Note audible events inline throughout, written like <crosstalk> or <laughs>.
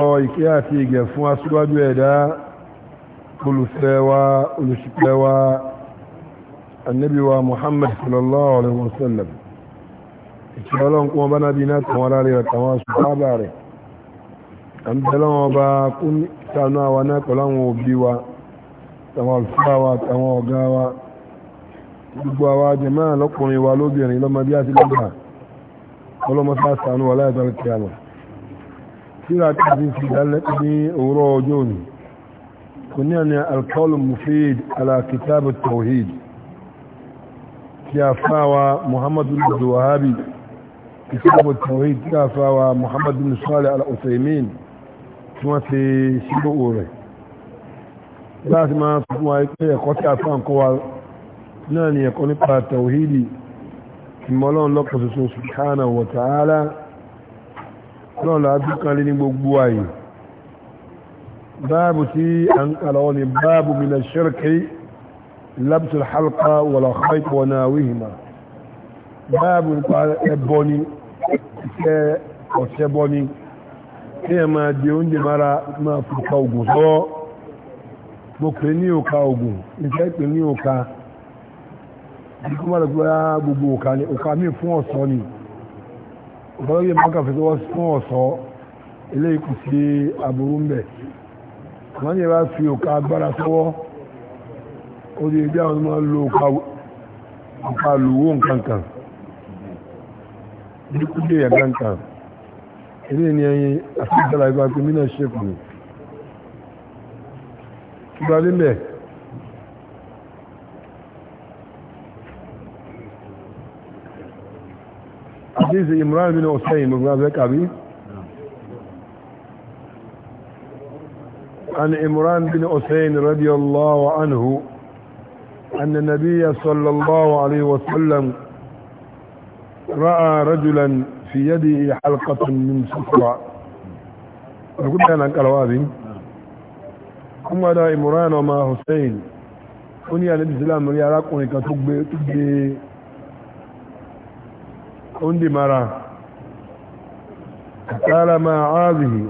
tọrọ ìkẹ́ àti ìgẹ̀ fún aṣíwájú ẹ̀dá olùfẹ́ wa olùṣìpẹ̀ wa annabi wa muhammad sallallahu alaihi wasallam ìkẹ́ ọlọ́run kún ọba náà bí iná tàwọn ará rẹ̀ tàwọn aṣùgbọ́n rẹ̀ à ń bẹ̀ lọ́wọ́ ọba kún sànú àwa náà pẹ̀lú àwọn òbí wa tàwọn àlùfáà wa tàwọn ọ̀gá wa gbogbo àwa lọ́gbà ọlọ́mọ sáà sànú wà láì سيرة حديث في أورو جوني كنا القول المفيد على كتاب التوحيد كافاوى محمد بن الوهابي كتاب التوحيد كافاوى محمد بن صالح العثيمين ثم في شبه أوري láti máa fún wa pé ẹ̀kọ́ tí a fún àkọ́ wa náà ni ẹ̀kọ́ nípa tàwíìdì ìmọ̀lọ́n lọ́pọ̀ ṣoṣo subhanahu wa ta'ala náà láàbí kan lé ní gbogbo ayé báàbù tí a ń kàlọ́ ni báàbù mi na ṣirki labsul halka wàlá haikọ na wíhìmá báàbù nípa ẹbọ ni iṣẹ́ ọ̀ṣẹ́bọ ni kí ẹ máa di oúnjẹ mara máa fòkà ogun sọ́wọ́ mo pè ní òka ogun ìfẹ́ pè ní òka ìkọ́mọ̀lẹ́gbẹ́ gbogbo òka ni òka mi fún ọ̀sán ni ọ̀pọ̀lọpọ̀ mọ́kà fẹ́ wọ́n fún ọ̀sọ́ ilé ikú sí aburú ń bẹ̀ wọ́n yẹ bá fi òkà agbára sọ́wọ́ ó di ẹgbẹ́ àwọn ọmọ lo òkà lòwó nkankan ní kúdé yà ilé ni ẹyin àti ìdára ìgbà pé mí náà ṣe kù ní. Ìgbàlẹ́ bẹ́ẹ̀. hadith imran bin hussein gbogbo kàbí عن عمران بن حسين رضي الله عنه أن النبي صلى الله عليه وسلم رأى رجلا في يده حلقة من سفرة نقول أنا قالوا هذه ثم دا عمران وما حسين قل يا نبي السلام يا راقوني كتب oúnjẹ mara kàtàlá máa áàzìhì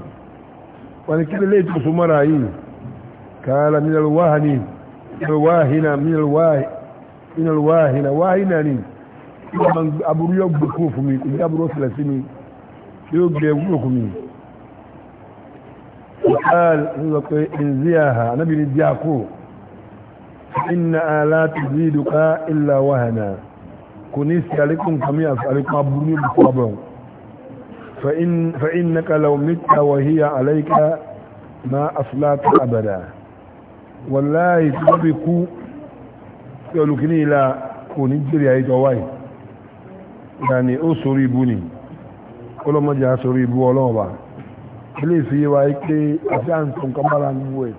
wọ́n ni kílẹ̀ lẹ́tù fún mara yìí kààlá minalwáhìní minalwáhìna wáhìna ni wọ́n aburú yóò gbé kúrò fún mi kò ní aburú sílẹ̀ sí mi yóò gbé kúrò fún mi kààlá ń sọ pé ìzíàhà anábìrin díàkó inna ala tuziduka illa wahana kò ní sí alékún kàmí àlékún abúrú ní bukú abẹ́wò fa'in na kalau mita wahiyya alaika ma asulata abada wallahi tó bí kú pẹ̀lú kí ní ilá kò ní jírí ayé tó wáyé yàní ó sórí ibú ni ọlọ́mọdé á sórí ibú ọlọ́ọ̀bá ilé ìfiyewáyé pé àti àǹtọ̀ nǹkan bára ń wú ẹ̀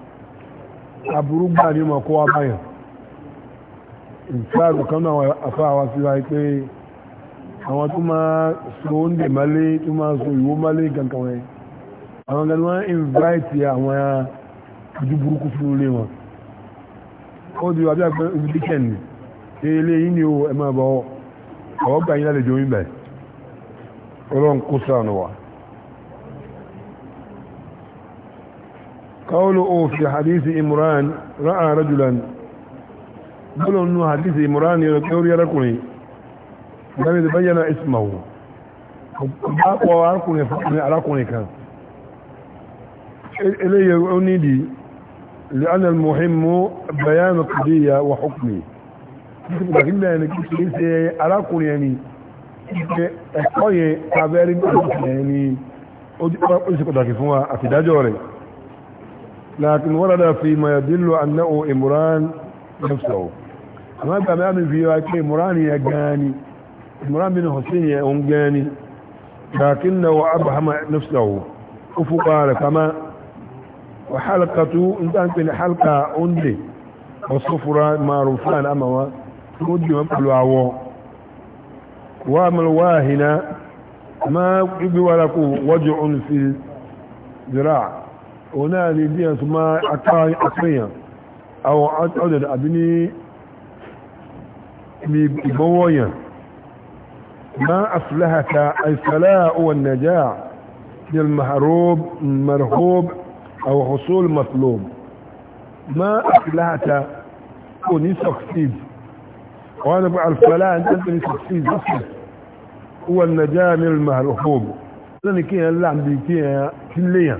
ìsáàgù kan náà afá wa sí pé àwọn tó máa so oúnjẹ mọ́lé tó máa so ìwó mọ́lé gankan wọn àwọn gan wọn invite àwọn ojú burúkú fún ilé wọn ó di wà bí àpẹ invitation ṣe ilé yìí ni ó ẹ máa bọ̀ àwọn gbà yín lálejò yín bẹ̀ ọlọ́run kó sànù wa. قوله في حديث إمران رأى رجلا bọ́lọ̀ nù hadisi imran ni ọ̀rọ̀ orí arákùnrin gbámi ti bayyana ismahu bá pọ̀ arákùnrin fún arákùnrin kan eléyẹ ó لأن المهم بيان القضية وحكمه لكن لا يمكن arákùnrin ní ó sì pàtàkì fún wa àti ìdájọ́ rẹ̀ يدل أنه إمران nafsahu àmọ́ ìgbà bá mi fi wá pé imran yẹ gan ni imran bin hussein yẹ òun gan ni lakin na wa abahama nafsahu ó fúnpa rẹ̀ kama wa halkatu n ta n pè ní halka onde ọ̀sọ́fura marufan tó dì wọ́n pẹ̀lú àwọ̀ wa malwahina ma ibi wa lako waju'un fi zira òun náà ni àwọn ọdọ̀dọ̀ àbí ní ìgbọ́wọ́yàn ma aflahaka alfala wa naja bil mahrub marhub aw husul matlub ma aflahaka kò ní succeed wọ́n bá alfala ń tẹ́lẹ̀ ní succeed success wa naja bil marhub lọ́nà kí yẹn láàbí kí yẹn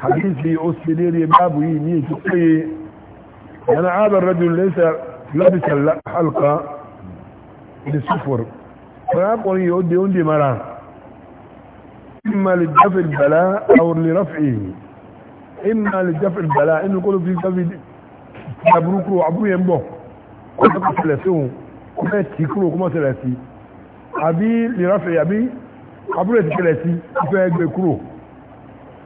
حديث حديثي أسليري بابه يمين تقي أنا هذا الرجل ليس لبس الحلقة للسفر فأقول يودي يودي مرا إما للدفع البلاء أو لرفعه إما للدفع البلاء إنه يقول في دفع يبروك وعبو ينبه كما ثلاثون كما تكرو كما ثلاثي أبي لرفعي أبي أبو يتكلاتي أبي يكرو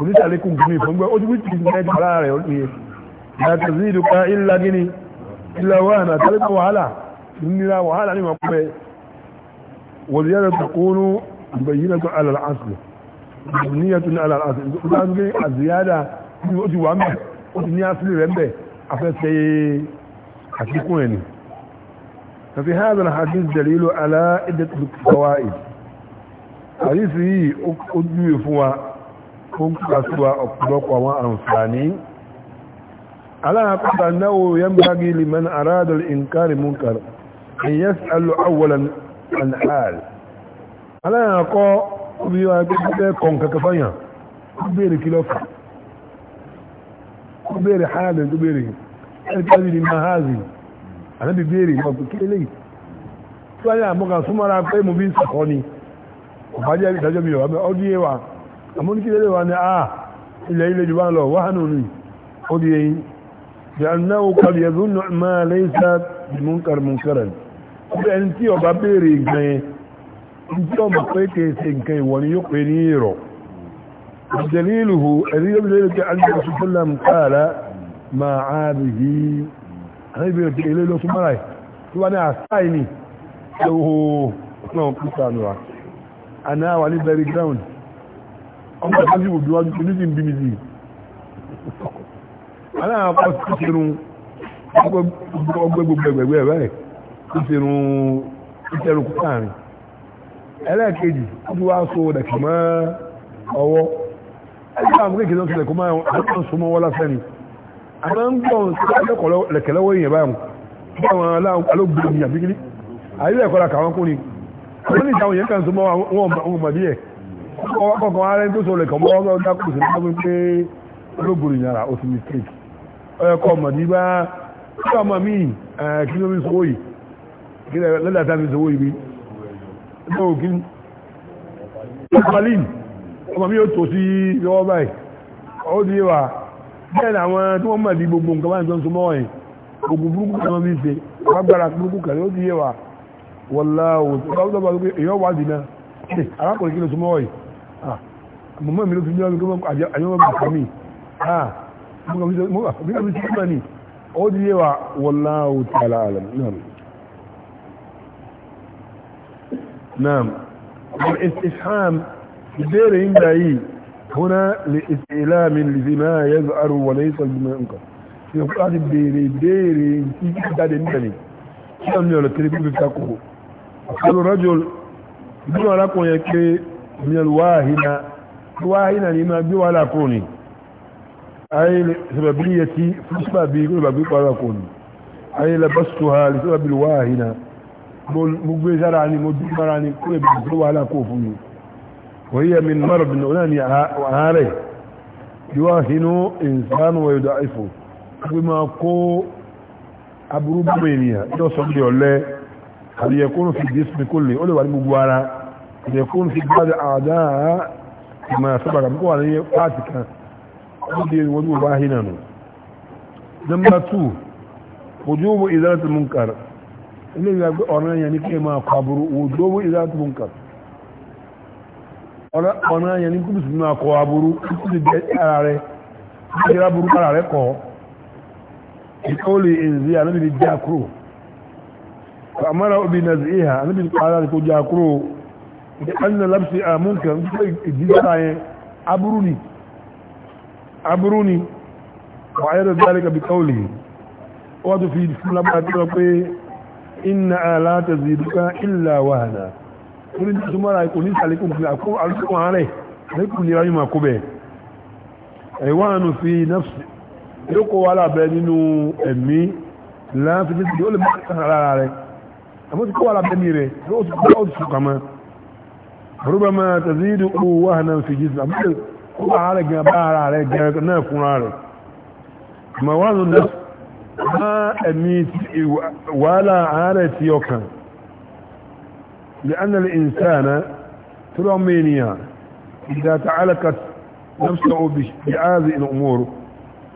oníṣà lékún gíní ìfọ́ngbẹ́ ojú wíjì mẹ́jì ara rẹ̀ ní ìyàtọ̀sí ìdúkà ìlà gíní ìlà wàhánà tàbíkà wàhálà nínira wàhálà ní ìwàkúnbẹ̀ wọ̀lúyàrá takónú àbẹ̀yìnàtọ̀ alàlásì níyàtọ̀ ní alàlásì ìgbàgbé àzíyádà ní ó ti wà mẹ́ ó ti ní ففي هذا الحديث دليل على عدة فوائد حديث يقول فوائد fún kasuwa ọ̀pọ̀lọpọ̀ àwọn àǹfààní aláàpàdà náwó yẹn bá gí liman aradal inkari munkar in yẹ́ sàlù awwalan al'al aláàkọ́ bí wọ́n gbẹ́ kọ̀ǹkaka fanyà kó bèèrè kílọ́fà kó bèèrè hálẹ̀ tó bèèrè ẹ̀kẹ́lì ni mahazi anábi bèèrè mọ̀ kí lélẹ́yìí tí wọ́n yà súnmọ́ra pé mo bí sàkọ́ ni ọ̀bájẹ́ ìdájọ́ mi ọ̀bá ọdún yẹwàá àmúnikílẹ̀ wà ní àà ah, ilẹ̀ ilẹ̀ jù bá lọ wà hànú rí ó di èyí jàǹdáwò kàrí ẹ̀dùn máa lẹ́sà múnkàr múnkàrà ọbẹ̀ ẹni tí ọba béèrè nǹkan yẹn ní tí ọmọ pé kèèsè nǹkan ìwọ ni yóò pè ní ìrọ̀ àjẹlílùhù ẹ̀rí yóò lè kí alìyà sọ́lá mùkàrà máa àbìhí wa àná wà ground ọmọ ìsájú òbí wájú oníjì ń bí mi sí aláàrùn akọ́ sí ṣerun ọgbẹ́ gbogbo ẹgbẹ̀gbẹ̀ rẹ̀ sí ṣerun ìṣẹ́run kúkàrin ẹlẹ́ẹ̀kejì ó ti wá so dẹ̀kẹ̀ mọ́ ọwọ́ ẹgbẹ́ àwọn kéèkéé lọ́sọ̀lẹ̀ kó máa ń so mọ́ wọ́n lásán ni àmọ́ ń gbọ́ lẹ̀kẹ̀ lọ́wọ́ èèyàn báyìí bí àwọn alóògbé mi àbíkíní àyílẹ̀ ẹ̀kọ́ la kà wọ́n kún ni wọ́n ní ìjà àwọn èèyàn kan so mọ́ wọn mọ̀ bí ẹ̀ ọwọ́ kọ̀ọ̀kan wá rẹ̀ tó sọ lẹ̀kọ̀ mọ́ ọgbọ́n dákùn sí lọ́gbọ́n pé olóògbòrò yàrá ó ti mistake ọkọ̀ ọmọ ní bá kí ọmọ mi kí ló mi sọwọ́ yìí kí lẹ́dà tá mi sọwọ́ yìí bí ẹgbẹ́ òkín ọmọlín ọmọ mi ó tò sí lọ́wọ́ báyìí ó di wà bẹ́ẹ̀ ni àwọn tí wọ́n mọ̀ ní gbogbo nǹkan báyìí tó ń so ẹ̀ gbogbo burúkú kan mi ṣe agbára burúkú kan ó di wà wọ́lá òtún ọ̀dọ́ bá wọ́n pé èèyàn wà dì náà arákùnrin kí ló so ẹ̀ àmọ́mọ́ mi ló fi mílíọ̀nù gbọ́n àyọ́wọ́ bí kàmí bí kàmí sí kíkà ní ó di yé wa wallahu ta'ala alam náà náà al-istifham ìbéèrè yìí gbà yìí húnà lè ìsìlámi lè fi máa yẹ zuaru wà lè sọ gbìmọ̀ nǹkan tí ó kúrò láti béèrè béèrè tí kí jáde níta ni kí ọmọ yọ̀rọ̀ kiri bí fi من الواهنة الواهنة لما بيوى لكوني أي سببية فسبة بيقول بيقول لكوني أي لبستها لسبب الواهنة مقبزر عني مدمر عني كل بيقول لكوفني وهي من مرض نولاني وعاري يواهن إنسان ويضعفه بما كو أبرو بمينيا يوصل لي أولي هل يكون في الجسم كله أولي وعلي مقبارا يكون في بعض أعداء ما سبق بقوا عليه فاتكا ودي الوضوء باهنا نمبر 2 وجوب إزالة المنكر ilé ìgbà pé ọ̀nà yẹn ní kí ẹ máa kọ̀bùrù òjòwò ìdáàtùbù nǹkan ọ̀nà yẹn ní kúrùsù máa kọ aburú kúrùsù jẹ́ ara rẹ̀ jẹ́ aburú ara rẹ̀ kọ́ ìkọ́ lè èzí anábìrì jẹ́ àkúrò àmọ́ra obìnrin nàìjíríà anábìrì pàdánù kó jẹ́ àkúrò anna labsi a munkan ìdíjára yẹn aburú ni aburú ni wà ayẹ́rẹ̀ dálíkà bí káwòlì wọ́n tó fi fún lábára tí wọ́n pé inna aláta ziduka illa wahana kúrin tí súnmọ́ ra ikú ní sàlékún kúrin àkó alùsùn ààrẹ lẹ́kùn lè ráyùn àkó bẹ̀ ẹ̀wọ́nù fi nafsi yóò kó wà lábẹ́ nínú ẹ̀mí láti fi ó lè mọ́ ara rẹ̀ àmọ́ ti kó wà lábẹ́ mi rẹ̀ ربما تزيد وهنا في جسم هو على جبار على جنا كنار موازن النفس ما أميت ولا عارف يوكا لأن الإنسان تلومينيا إذا تعلقت نفسه بهذه الأمور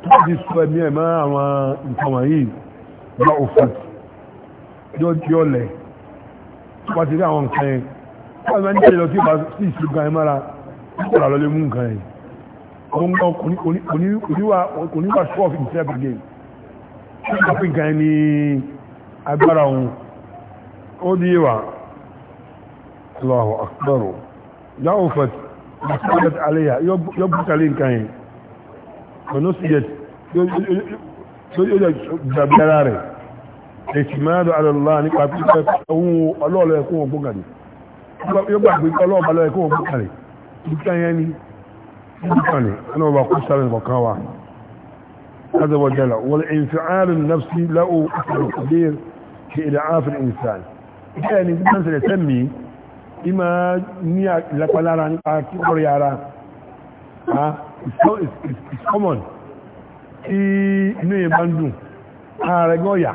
تجد سبمية ما وانتمائي ضعفت يقول لي تبقى تلعون كين wọ́n máa ń tẹ̀lé lọ sí ìbá sí ìṣú gan mara nípa lọ lé mú nǹkan yìí wọ́n ń gbọ́ oníwà ṣọ́ọ̀fì ìṣẹ́bì gẹ̀ ṣọ́ọ̀fì nǹkan ní agbára òun ó di wà Allahu akbar dáhùn fẹ́t masáyẹt aléyà yóò bùkálé nǹkan yìí ọ̀nà síyẹt yóò dàbí ara rẹ̀ ètìmáàdù alàlá nípa pípẹ́ ohun ọlọ́ọ̀lọ́ ẹ̀kún ọgbọ́gàdì yóò gbàgbé ọlọ́ọ̀bá lọ́yẹ̀ kó o bú kalẹ̀ dúkìá yẹn ni dúkìá ni ọlọ́ọ̀bá kó sáré kọ̀ọ̀kan wa هذا وجل والانفعال النفسي له أثر كبير في إضعاف الإنسان يعني الإنسان سيسمي إما نيا لقلارا نيا كوريارا ها so it's, it's, it's common tí inú yẹn bá ń gọ́ọ̀yà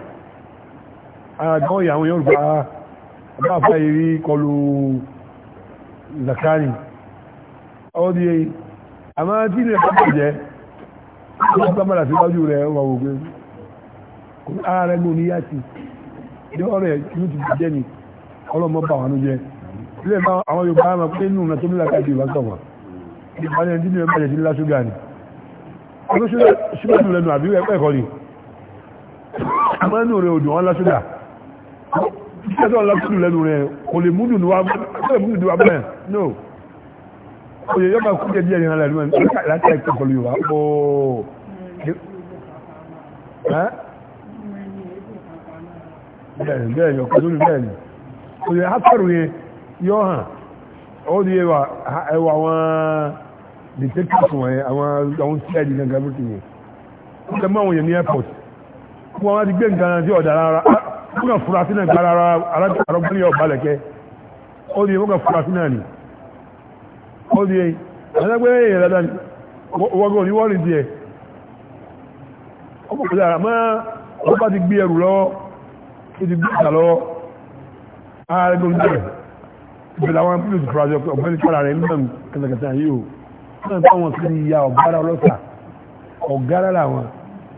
àwọn yóò gbà àbáfà ìrí kọlu zakari ọdí èyí a máa tí ilẹ̀ ọjọ́ jẹ́ wọ́n sábàdà síwájú rẹ̀ wà wògbé ara rẹ̀ gbò ní yàtì ní ọ̀rẹ́ inú ti jẹ́ ni ọlọ́mọ bà wọn jẹ́ ilẹ̀ máa àwọn Yorùbá máa pé nù náà tó nílà káàkiri wá sọ̀wọ́ ìgbà ní ẹni bàjẹ́ sí ńlá ṣúgà ni ọlọ́ṣúgà ṣúgà nù lẹ́nu àbí ẹ̀kọ́ ni àmọ́ nù rẹ̀ òdùn wọn lá ìtẹ́sọ̀ lọ́kùnrin lẹ́nu rẹ̀ kò lè múdùn ní wa bẹ́ẹ̀ no òye yọba kú jẹ díẹ̀ ní ara ẹ̀rọ láti ẹ̀kọ́ pẹ̀lú yorùbá ooo bẹ́ẹ̀ni bẹ́ẹ̀ni ọkọ̀ lórí bẹ́ẹ̀ni òye hátàrù yẹn yọ hàn ó di ẹwà ẹwà àwọn detectives wọ̀nyẹn àwọn àwọn cid gangan bí kìíní ó jẹ mọ́ àwọn yẹn ní airport wọ́n wá ti gbé nǹkan náà sí ọ̀dà rárá wọ́n kàn fura sí náà gbára ara arọ́gbọ́n yóò balẹ̀ kẹ́ ó di wọ́n kàn fura náà ni ó di ẹ̀ẹ́dẹ́gbẹ́ èèyàn dáadáa ni wọ́gbọ́n ní wọ́n rí díẹ̀ ọmọ kò dára máa wọ́n bá ti gbé ẹrù lọ́wọ́ ó ti gbé ìgbà lọ́wọ́ ààrẹ jẹ́ ìbẹ̀lẹ̀ àwọn pílò ti fura sí ọ̀gbẹ́ni kára rẹ̀ nígbà kẹtàkẹtà yìí o náà táwọn kì í ya ọ̀gára ọlọ́sà ọ̀gára làwọn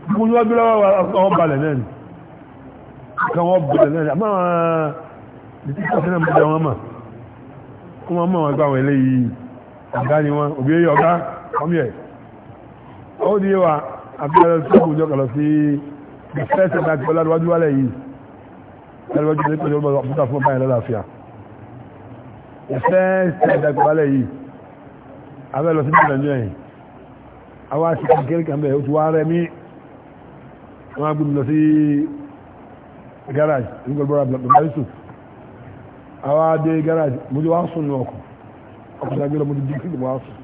gbogbo wọn gbé lọ́wọ́ ọbalẹ̀ ni kan wọ́n bọ̀lẹ̀ náà àmọ́ àwọn ìtìkọ́sí náà mọ́jọ wọn mọ̀ wọ́n mọ̀ mọ̀ wọn gbà wọn eléyìí ọ̀gá ni wọn òbí yẹ ọ̀gá ọmọ yẹ ó di wa abẹ́rẹ́ sọ́kùn jọ kàlọ́ sí ìfẹ́sẹ̀ náà pẹ̀lú adúwájú wálẹ̀ yìí lọ́wọ́jú ní pẹ̀lú ọmọ ọ̀pútà fún báyìí lọ́láfíà ìfẹ́sẹ̀ náà pẹ̀lú wálẹ̀ yìí abẹ́rẹ́ lọ sí nàìjíríà yìí àwọn àṣìkò kékeré kan bẹ̀ ó ti wá rẹ mí wọ́n á gbé mi lọ sí garage nígbàgbọ́ra bàbáyísù àwọn adé garage mo ti wá sùn ní ọkọ̀ ọkọ̀ tó agbélọ́ mo ti dìkì wá sùn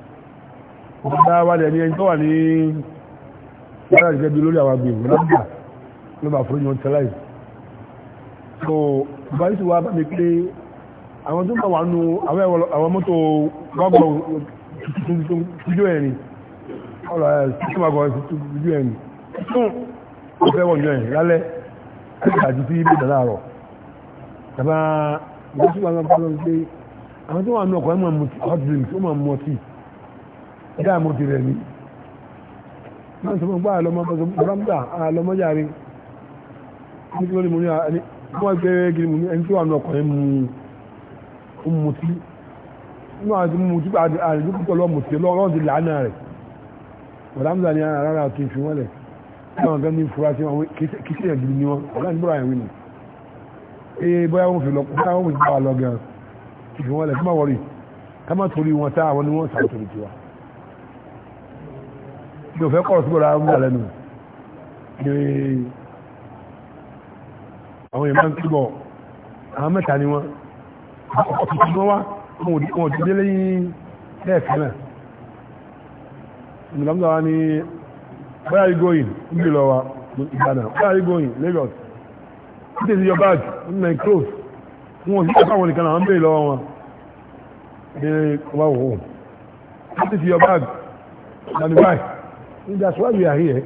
ọkọ̀ tó wá lẹ́ni ẹni tó wà ní garage gẹ́gẹ́ lórí àwọn agbègbè lọ́gbà ló bá fún yóò tẹ́láì so bàbáyísù wá bá mi pé àwọn tó bá wà nù àwọn mọ́tò gọ́gọ́ tuntun tujú ẹ̀rin ọ̀rọ̀ ẹ̀ tó bá gọ́ tuntun tujú ẹ̀rin tó fẹ́ wọ̀nyọ́ ẹ̀ lálẹ́ àti tí ibi dà láàrọ̀ tàbá ìgbésí wà lọ́pàá lọ́pàá pé àwọn tó wà ní ọkọ̀ ẹ̀mọ̀ mọ̀tí hot drinks ó mọ̀ mọ̀tí ẹ̀dá mọ̀tí rẹ̀ ní máa ń sọ fún báà lọ́mọ bọ́sọ̀bọ́sọ̀ àlọ́mọ yàrí ní kílódé mo ní àní wọ́n gbé gírí mo ní ẹni tó wà ní ọkọ̀ ẹ̀mọ̀ mọ̀tí inú àti mọ̀tí àdìjú púpọ̀ lọ́mọ̀tí lọ́rọ̀ ti làánà rẹ̀ bọ̀dámdà ni ara àti ìfìwọ́lẹ̀ táwọn gan ní ìfurasí wọn kìí ẹ̀dùn ní wọn ọ̀gá ní bọ́ra ìwìn ee bóyá wọn fi lọ bóyá wọn fi gbà lọ gan ìfi wọn lẹ̀ kí má wọrí ká má torí wọn tá àwọn ni wọn sàn torí tiwa mi ò fẹ́ kọ́ sí bọ́ra ń bà lẹ́nu ee àwọn èèyàn máa ń túbọ̀ àwọn mẹ́ta ni wọn ọ̀pọ̀ tuntun wá wọn ò dé lẹ́yìn lẹ́ẹ̀kan náà ìgbàlódé wa ni where are you going níbi lọ wa Ìbàdàn where are you going Lagos what is your bag in my clothes wọn ò sí ọ̀pá àwọn nìkan àwọn béèrè lọ́wọ́ wọn ní wà wò what is your bag and why that's why we are here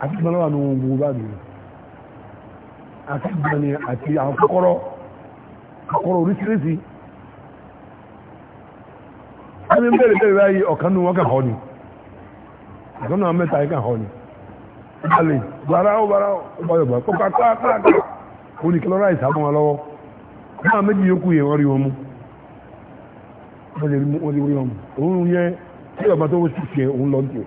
àti ìgbà lọ́wọ́ àwọn ohun bá mi àti ìgbà ni àti àwọn kọ́kọ́rọ́ kọ́kọ́rọ́ oríṣiríṣi ẹni ń béèrè béèrè báyìí ọ̀kan nínú wọn kàn kọ́ ni ìtọ́nà mẹ́ta yìí kàn hàn ni ìbálẹ̀ gbàrà ó gbàrà ó báyọ̀ bá kọ́kà káàkà ó ní kílọ́rà ìsàbọ̀ wọn lọ́wọ́ náà méjì yókù yẹn wọ́n rí wọn mú wọ́n ti rí wọn mú òun yẹ tí ọba tó sì ṣe òun lọ tiẹ̀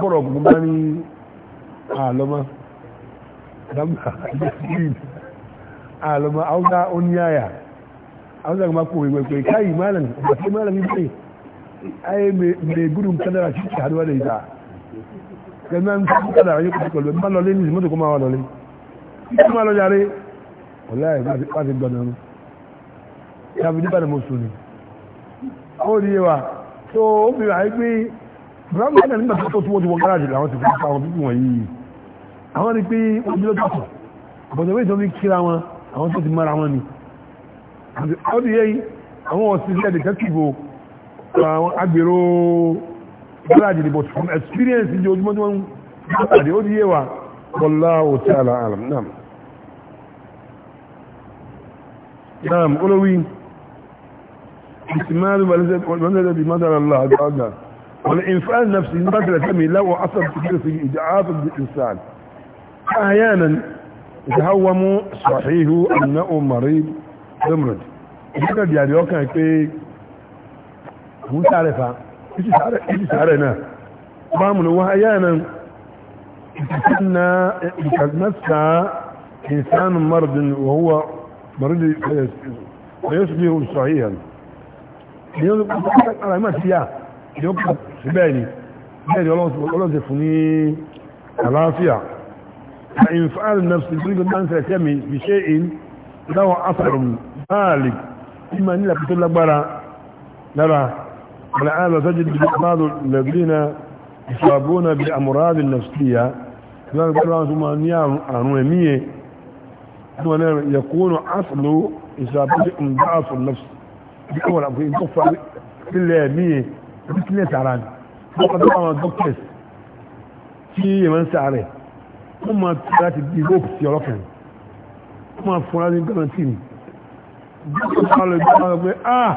gbọ́dọ̀ gbogbo bá ní àlọ́mọ́ dábàá <laughs> àlọ́mọ́ haúsá ó ní àyà kó ìwé pé káyì máàlì ìgbà tí máàlì ai mai gudun kadara shi ke haduwa da ita gannan kuma kadara yau kusa kwallo ba lọlé ní ìsìmọ́tò kuma wa lọlé ìsìmọ́ ma lọ jàre wọláyé bá ti gbọ́nà rú ya fi nípa da mọ́sù ni ó rí wa tó ó fi wáyé pé brown man nígbà tó tó tó wọ́n gáràjì làwọn ti fi fa àwọn pípọ̀ wọ̀nyí àwọn ni pé ó bí lọ́tọ̀ tó bọ̀dọ̀ wé ìtọ́bí kíra wọn àwọn tó ti mara wọn ni ó di yẹ́ àwọn ọ̀sìn ilẹ̀ detective o àwọn agbèrò gáràjì ìbò tí wọ́n experience ìjọ ojúmọ́ tí wọ́n ń pàdé ó díye wa wallahu ta'ala alam náà náà olówí ìsìnmáàlú wàlẹ́sẹ̀ bí mọ́tàlá àgbàgbà wọ́n ìfẹ́ nàfsì ní bá tẹ̀lẹ̀ tẹ́mi صحيح أنه مريض ضمرد. هذا يعني يوكا òun sáré fa ìsì sáré náà bá mú ní wọ́n ayá nan ìkàtàmẹ́ta ìsánù mardin wọ́wọ́ maridi fayosbi sahihan ni ó kọ́kọ́ àmà sí à ni ó kọ́ sí bẹ́ẹ̀ ni bẹ́ẹ̀ ni ọlọ́sẹ̀ fún ní àlàáfíà فإن فعل النفس يريد أن تهتمي بشيء له أثر مالك إما أن لا بتقول لك برا لا الآن تجد بعض الذين يصابون بأمراض نفسية يكون أصل إصابتهم ضعف النفس بأول أمرين كفر كل مية بكل تعران وقد قام الدكتور في من سعره ثم تلات الديروب سيروكن ثم فلان كمان تيني دكتور قال له آه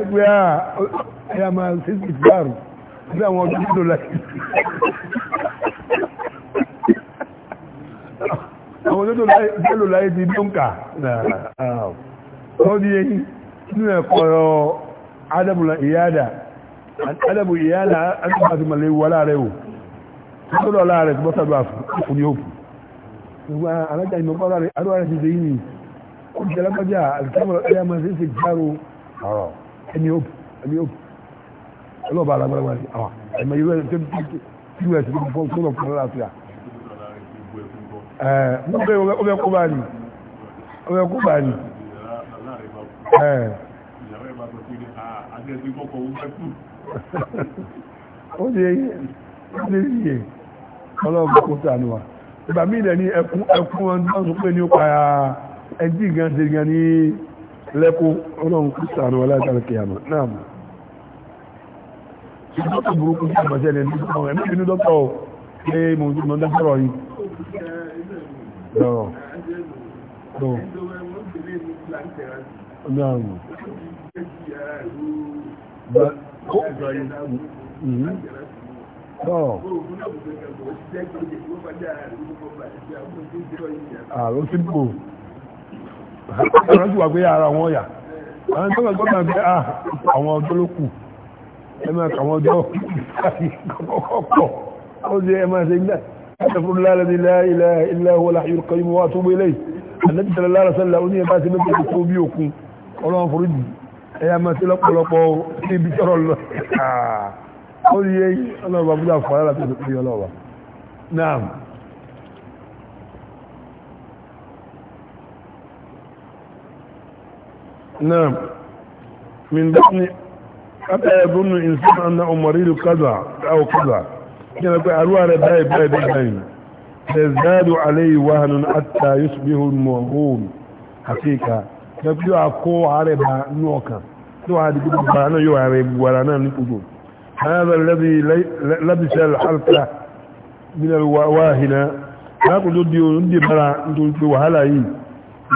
ẹgbẹ́ ẹ̀yà máa ṣe sí ìgbàrù ní àwọn ọdún tó láti àwọn ọdún tó lò láyé ti dúnkà tó ní èyí nínú ẹ̀kọ́rọ̀ adẹ́bùlọ ìyáàdà adẹ́bù ìyáàdà adẹ́bùlọ mọ̀lẹ́ wà láàrẹ̀ o tó lọ láàrẹ̀ tó bọ́sàdọ̀ àfún ní òkú gbogbo alájà ìmọ̀kọ́ láàrẹ̀ adọ́rẹ̀ ti dé yìí kò jẹ́ lágbájá àti ọ̀rọ̀ ẹni ó ẹni ó ọlọ́ọ̀bá alágbára ni àwọn ẹ̀mọ irú ẹni tó ti wẹ̀ sí fún tó lọ fún láàfíà. ẹ̀ ń bẹ́ ọbẹ̀ kó bá ní ọbẹ̀ kó bá ní. ó lè lè yẹ ọlọ́ọ̀bá kó sànù wa ìgbà míì dẹ̀ ní ẹkún ẹkún wọn tó ń sọ pé ní ó pa ẹjí gan ṣe gan ní lẹ́kú ọlọ́run kìsànù aláìsàn kìyàmù náà mú dókítà burúkú sí àbájẹ́ ní ẹ̀dínlẹ́ ọ̀rọ̀ ẹ̀mí inú dókítà ọ̀ pé mo ń mọ dákọ̀rọ̀ yìí lọ́rọ̀ tó náà mú lọ́rọ̀ àrùn ọ̀rọ̀ sì wà pé ara wọn yà àwọn tó kọ̀kọ́ náà pé ah, àwọn ọjọ́ ló kù ẹ máa kà wọ́n jọ kọ̀kọ̀kọ̀ ó sì ẹ máa ṣe gbà ẹ̀fọ́ lálẹ́ ilẹ̀ ilẹ̀ wọ́n láyé kọ́ yìí wọ́n tó gbélé àlẹ́bí tẹ̀lé lára sẹ́lẹ̀ ó ní ẹ̀bá sí mẹ́fẹ́ tó bí òkun ọlọ́run foríjì ẹ̀yà máa sí lọ́pọ̀lọpọ̀ níbi tọ́rọ̀ lọ ah. ó sì yẹ ọlọ́run bàbá fún aláàbí tó pé ọlọ́run náà نعم من بطن حتى يظن الإنسان أنه مريض كذا أو كذا كان يعني يقول أروى باي باي باي تزداد عليه وهن حتى يصبح الموهوم حقيقة يقول أقوى عربا نوكا هذا ولا نقول هذا الذي لبس الحلقة من الواهنة ما قلت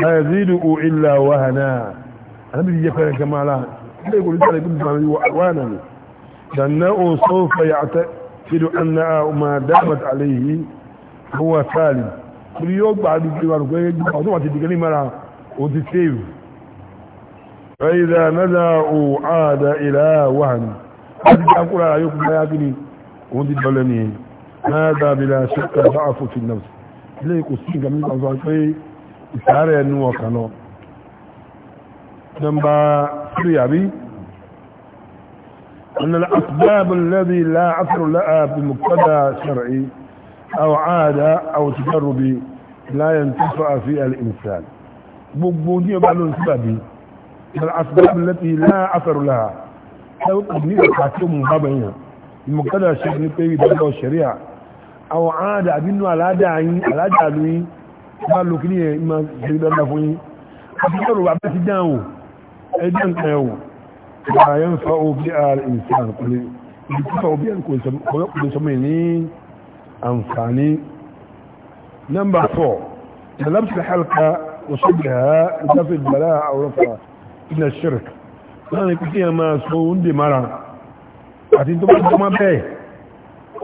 لا يزيد إلا وهنا annabi ya fara kama la dai gurin tsare bin zamani wa alwana ne dan na'u sawfa ya'taqidu anna ma damat alayhi huwa salim kuri yo gba du gbe wa gbe gba to wa ti digani mara o ti save fa idha nada'u ada ila wahn hadi kan kula yo kuma ya gini on di dole ni hada bila shakka da'afu fi nafs ilay kusin gamin نمبر 3 أبي أن الأسباب الذي لا أثر لها بمقتضى شرعي أو عادة أو تجرب لا ينتفع فيها الإنسان بوجيه بعض سببي الأسباب التي لا أثر لها لو أبني الحاكم مبابينا بمقتضى الشرعي في دولة الشريعة أو عادة أبنه على داعي على داعي. قالوا كليه ما سيدنا فوني أتجرب أبنى تجاوه ẹjẹ́ ẹ̀wọ̀n ba yan fa'o bí a insan kule ibi tí fa'o bí a kò sọ mai ní amfani nọ́mbà 4 da lamsa halka wasu da ha zafi bala a rufa ina shirk náà ni kìí ma so ń dè mara àti tó bá jọmọ bẹ́ẹ̀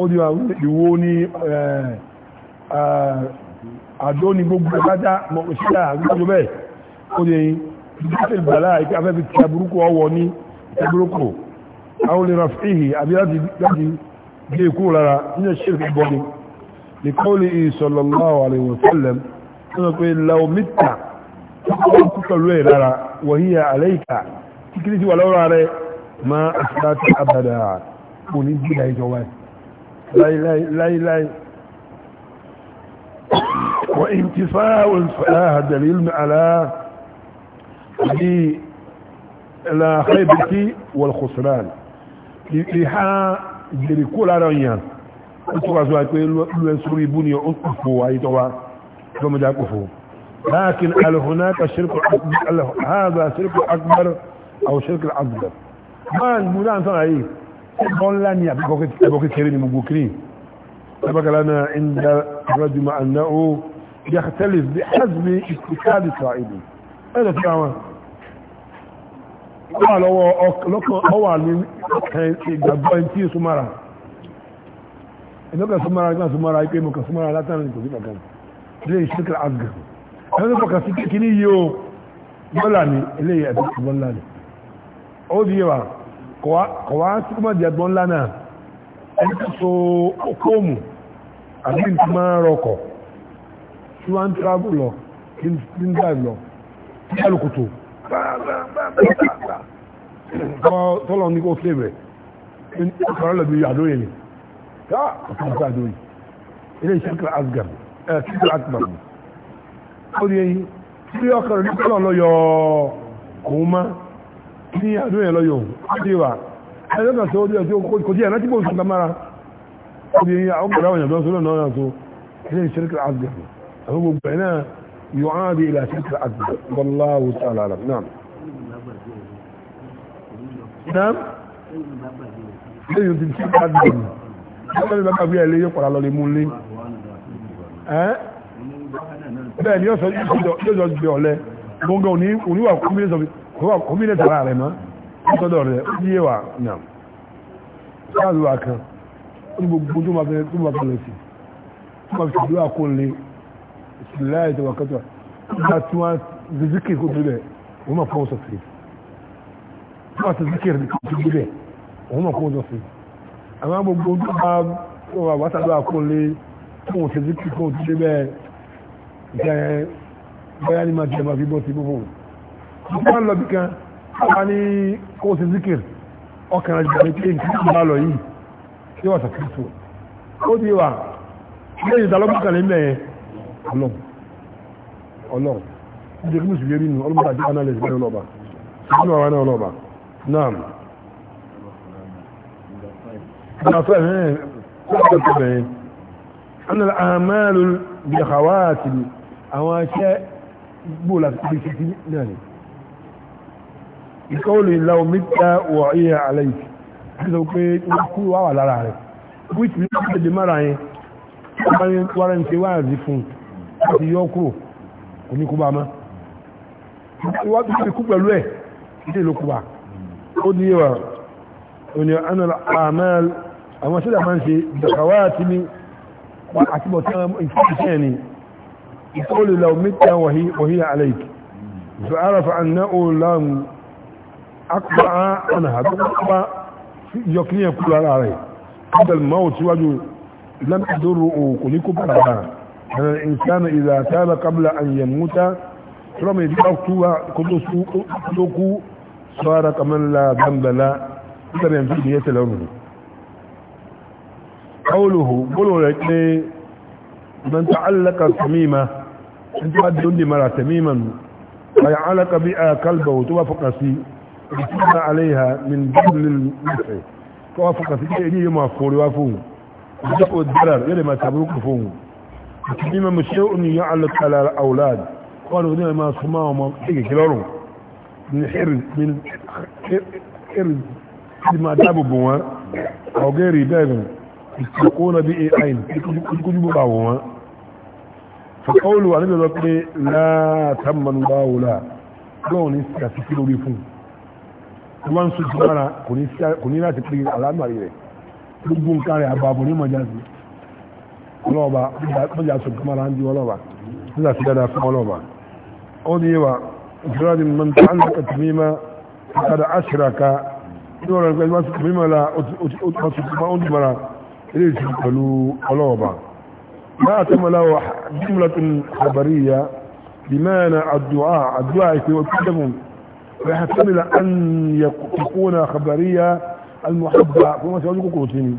ó di ìwó ní àdó ní gbogbo ìbájá mọ̀ òṣìṣẹ́ àgbájọ bẹ́ẹ̀ ó di ìdáfẹ́ ìgbàlá àìkí afẹ́fẹ́ ti aburúkú ọwọ́ ní aburúkú àwọn olè rafihi àbí láti gé ikú e lára nínú ṣírkì bọ́ni ní kọ́ọ̀lì sallallahu alaihi wa sallam tó sọ pé laomita ọkọ̀ kú pẹ̀lú ẹ̀ lára لا خيبك والخسران لها جري لكل رأيان أتوقع كل لنسوري بني اي توا ثم لا أكفو لكن هل هناك شرك هذا شرك أكبر أو شرك اصغر ما المدان صنع إيه قول لن يبقى يبقى كريم مبوكرين سبق لنا عند الرجل أنه يختلف بحزم استكاد إسرائيلي هذا تعمل wà lọ́wọ́ ọwà ní ìgbàgbọ́ ẹni tí súnmọ́ra ẹ̀dọ́kà súnmọ́ra nígbà súnmọ́ra ipé mọ̀kà súnmọ́ra látàrí kò sí bàkan ilé ìṣẹ́kà asgà ẹni kọ̀kà sí kíní yíò bọ́là ní ilé ẹ̀dọ́kà ńlá ní ó di yẹwà kọ̀wá sí kọ́mọ̀ di ẹ̀gbọ́n ńlá náà ẹni tó so okóòmù àbí nǹkan máa ń rọkọ̀ tí wọ́n ń travel lọ tí ń drive tọ́lọ̀ ní kó fílẹ̀ rẹ̀ ọ̀rọ̀ lọ́bí àdóyè ni yáà ọ̀pọ̀ àdóyè ilé ìṣẹ́kìlá asgard ẹ̀kìlá akbar ó ní ẹyí tí ọkọ̀rọ̀ ní tọ́lọ̀ lọ́yọ̀ kòó má ní àdóyè lọ́yọ̀ àdíwà ẹ̀lọ́gbà tó dí ọjọ́ kò díẹ̀ láti bóòsù kamara ó ní ẹyí ọkọ̀rọ̀ àwọn èèyàn lọ́sọ́lọ́ náà tó ilé ìṣẹ́kìlá asgard àwọn gbogbo ẹ̀ náà يعاد إلى تلك الأكبر والله تعالى أعلم نعم نعم lẹ́yìn tí tí bá dùn ní اللي bá gbàgbé ẹ̀lẹ́ yóò pàdà lọ lè mú lé bẹ́ẹ̀ ni yóò sọ jẹ́ ọ̀lẹ́ gbogbo oníwà kọ́mílẹ̀ tààrà rẹ̀ mọ́ ìtọ́dọ̀ rẹ̀ ó yé wà náà sáàlùwà kan ó ní gbogbo tó máa fẹ́ lọ sí tó máa fi ṣàdúrà kó lè láì tẹ̀wà kẹtọ̀ nígbà tí wọ́n ti zikir kó tó bẹ̀ wọ́n máa fọwọ́ sọ sí tí zikir kó tó bẹ̀ wọ́n máa fọwọ́ sọ sí i àwọn gbogbo tó bá wà wátàdó àkọlé tó wọ́n ti zikir kó tó bẹ̀ jẹ́ bóyá ní máa jẹ́ máa fi bọ́ sí gbogbo wọ́n lọ bí kan wọ́n ní kó ti zikir ọkàn rẹ̀ jẹ́ pé nǹkan tó bá lọ yìí yóò wà sàkíyèsí ó ti wà lẹ́yìn ìdálọ́gbọ̀kànlé mẹ́ẹ̀ẹ́ ọlọ́run ọlọ́run jẹ́ kí mùsùlùmí nù ọlọ́mọdé àti analyst bẹ́ẹ̀ lọ́ba ṣùgbọ́n àwọn náà lọ́ba eh, náà أن الأعمال بخواتم أو شيء بولا بشكل ناني ìkọ́lù ìlàwò mítà wọ̀ ihe àlẹ́yìn ṣíṣọ pé wọ́n kú wà wà lára rẹ̀ which means the mara yẹn wọ́n bá ní wọ́n ń ṣe wáàzí fún àti yọ́ kúrò kò ní kúbá mọ́ ìwádìí ti kú pẹ̀lú ẹ̀ títí ló kúbá ó ní wà ó ní àná àmàl àwọn sílẹ̀ máa ń ṣe ìdàkàwá àti ní àti bọ̀ tí wọ́n ń fi iṣẹ́ ni ìkọlù lọ mítà wàhí àlẹ́kì fa'arafa anná'u lam akpa ana ha duk ba yọkí ní ẹkùn lára rẹ̀ kọ́bẹ̀l máa ò tíwájú lam ìdóró òkùnrin kó bára أن الإنسان إذا تاب قبل أن يموت رمي بأفتوى سوق صار كمن لا ذنب لا إذا ينفي بيت العمر قوله قلوا لك إيه؟ من تعلق تميمة انت قد لي مرة تميما أي علق بها كلبه توافق سي اتبع عليها من قبل المسح توافق سي إليه إيه؟ ما فوري وافوه وجقوا الدرر يلي ما تبروك فوه ìmọ̀ mọ̀ṣẹ́ oníyàn alùkàlà àwòláàdì wọ́n lè oníyàn máa súnmọ́ ọmọ kéèkéé lọ́rùn ní ẹ̀rìn tí máa dáàbòbò wọn ọgẹ́rì bẹ́ẹ̀gùn ìtàkóna bí ai kújúbò bá wọn fọ́kọ́lù wà níbi lọ pé látàmàlù bá wòlá lọ́wọ́ ní sàkàtì kí lórí fún wọ́n sùn jù mara kò ní láti pé ọlọ́ọ̀bá mọ́jà sọ kọmọ́ra ń di ọlọ́ọ̀bá nígbà sí dáadáa fún ọlọ́ọ̀bá ó ní wa ìfìrọ́dì mọ́ta án lọ́kà tí mímọ́ ìkàdà aṣíraka ní ọ̀rọ̀ ìpẹ́ ìgbà sí mímọ́ la ó ti mara ilé ìsìn pẹ̀lú ọlọ́ọ̀bá máa tó mọ́ láwọ̀ jùmùlọ́tún àbàríyà bí mẹ́rin àdúrà àdúrà ìpè òkúdẹ́gùn ويحتمل أن تكون خبرية المحبة فما سيقول لكم كوتيني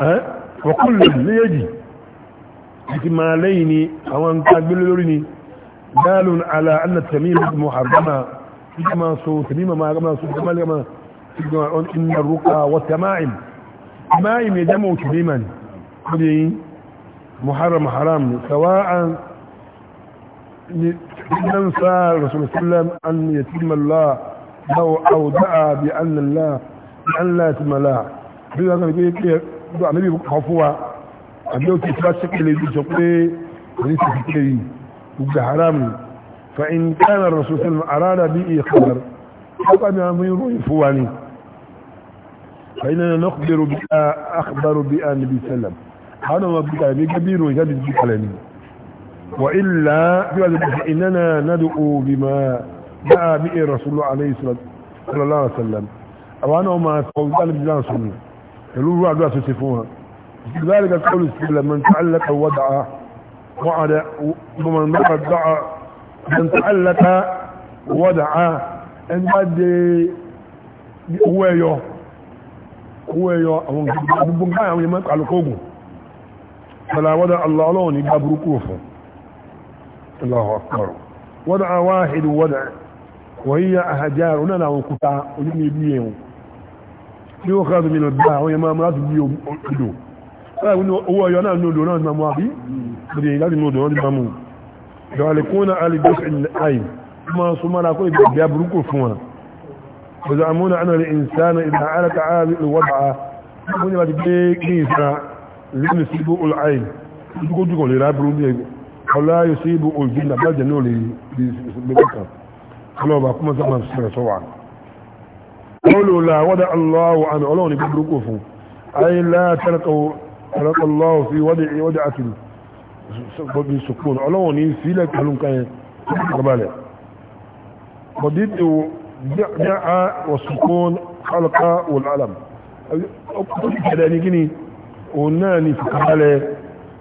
ها وكل زيدي حكما ليني او انقاد بلوريني دال على ان التميم محرمة كما سو تميم ما قمنا سو تميم ما ان الرقى والتمائم تمائم يجمو تميما محرم حرام سواء من سال رسول الله صلى الله عليه وسلم ان يتم الله او او دعا بان الله بان لا يتم الله gbogbo àmì kan fún wa àbí ó ti tí wá síkèlè ní sọ pé ní ti síkèlè yìí gbogbo haramu fa in kana rasul sallam arada bi i khabar haka ni àmì ròyìn fún wa ni fa ina na nukhbiru bi a akhbaru bi a nabi sallam hana ma bi ta ni gabi ròyìn ta bi bi kala ni wa illa bi wa zai inana nad'u bima da'a bi rasul sallallahu alaihi wasallam awana ma sawdan bi lan sunna pẹ̀lú rú àdúrà tó ti fún wọn ìgbàlẹ̀ ka kọlu sílẹ̀ mọ̀ tí alẹ́ka wọ́dàá wọ́dàá mọ̀ tí alẹ́ka wọ́dàá ẹni bá dé owó ẹyọ owó ẹyọ àwọn gbogbo nǹkan àwọn yẹmọ́ alùkọ́gùn fẹ́lá wọ́dàá aláwọ̀ ní gbá burúkú fún Allahu akbar wọ́dàá wáhìdì wọ́dàá wọ́yí àhàjáàrùn náà àwọn kúta onímọ̀ ibi yẹn ní ó kọ́rọ̀ mìíràn bá àwọn ẹmọ amúrá ti bí odò owó ọ̀yọ́ náà ní odò náà ti máa mú àbí lórí láti ní odò náà ti máa mú ìdọ̀wàlẹ̀ kún náà alìgbẹ́sẹ̀ àì ma sọ mara kó ìgbẹ̀gbẹ̀ burúkú fún wa ọjọ́ amúnà ánà rẹ̀ ìsáná ìdá alaka ààrẹ ìwọ́dà ó ní láti gbé ní ìsára lẹ́nu sí ibú olù àì dúkó dúkọ̀ lè rábúrú ní ọlá yóò sí ibú olù jìnnà bá jẹ̀ náà قولوا لا وضع الله عنه الله نبرك وفو أي لا تلقوا تلقى الله في وضع وضعة بالسكون الله نفي لك هلون كان قبالة وضد دعاء والسكون خلق والعلم أقول كده نجني وناني في قبالة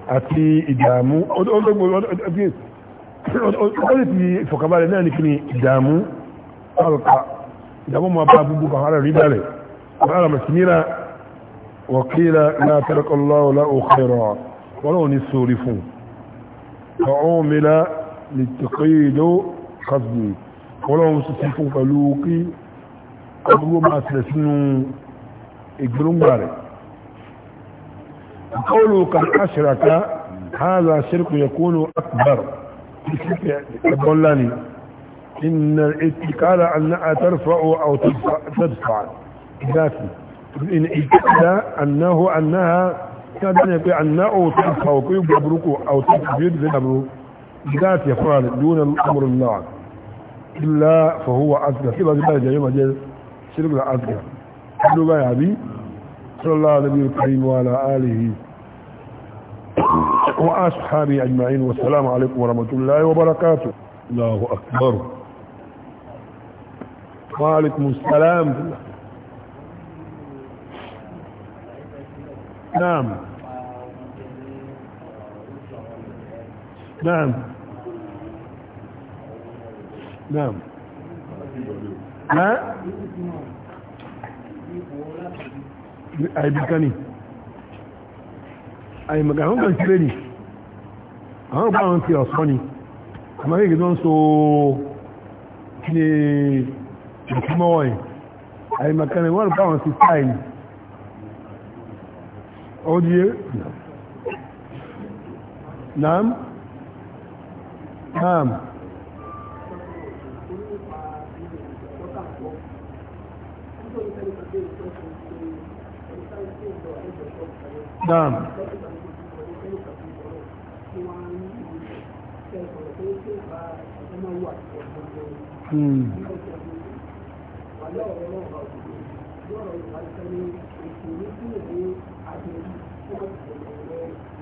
أتي إدامو أقول في فقبالة ناني كني إدامو خلق جابوا ما بابو بوكا على الرجال وعلى مسميرا وقيل لا ترك الله لا خيرا ولو نسوا لفو فعمل للتقييد قصدي ولو مستسفوا فلوقي قبلوا ما سلسنوا اجبلوا مبارك قولوا كان أشرك هذا شرك يكون أكبر في شرك أبولاني إن الاتكال أنها ترفع أو تدفع ذاتي إن اتكال أنه أنها كان يقول أنه تدفع وكيف يبرك أو تدفع ذاتي فعل دون الأمر الله إلا فهو اصغر كيف بعض جاء يوم أجل شرق الأصدق قالوا ما يعبي صلى الله عليه الكريم وعلى آله وأصحابه أجمعين والسلام عليكم ورحمة الله وبركاته الله أكبر وعليكم السلام نعم نعم نعم ها اي بكاني اي مغاهم كان سيرني ها باون تي اوسوني ما هي دون سو كني ìtumọ̀ wọ̀nyí àìmọ̀kẹ́lẹ̀ wọ́n rú káwọn sí sáìnì ó di é naam naam naam Hmm.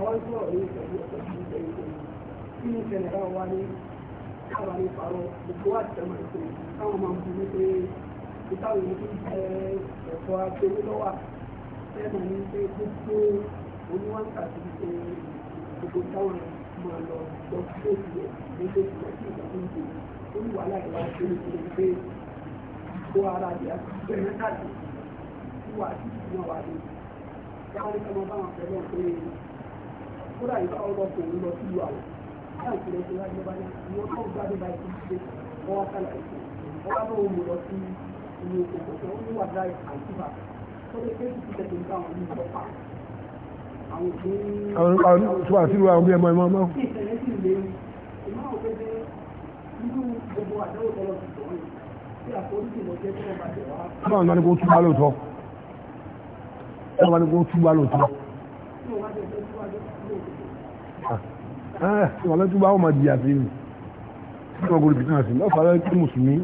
àwọn tí wọ́n rí pẹ̀lú ọ̀sẹ̀ tí ó ń tẹ̀lé kí ni ìṣẹ̀lẹ̀ bá wà ní káwà ní parọ́ gbogbo àti ẹ̀mọ̀ ìpè káwọn máa ń bu wípé ìtàwọn ìlú jẹ́ ẹ̀kọ́ akéwé lọ́wà ẹ̀mọ̀ ní pé gbogbo oníwáńkà ti ń ṣe gbogbo táwọn máa lọ lọ sí òkú rẹ̀ nígbà tí wọ́n ti ń gbà ń bò ó ní wàhálà ìwà ṣe é ṣe pé kó ara rẹ̀ bẹ̀rẹ̀ káàdì wà sí ìwà wà ní káwọn kódà yìí káwọn kò ń lọ sí ìlú àwọn káàkiri ẹsẹ wájú ọba ní ìwọ tó ń gbádùn báyìí tó ṣe wọn wá kálà ẹsẹ wọn wá lọ́wọ́ mú lọ sí ìlú òkòkò tó ń wà dáì àìsíbà tó lè kéjì ti tẹ̀sí nípa àwọn ìlú ọ̀pá àwọn òkè àwọn tó wà sílùú àwọn bí ẹmọ ẹmọ ọmọ. ìṣẹ̀lẹ̀ sì lè ìmọ̀ òkèdè Ah, eh, wọ́n lẹ́tú bá wọ́n máa jìyà sí ní ọgbọ̀n ìpínlẹ̀ àti lọ́fà lẹ́yìn tí mùsùlùmí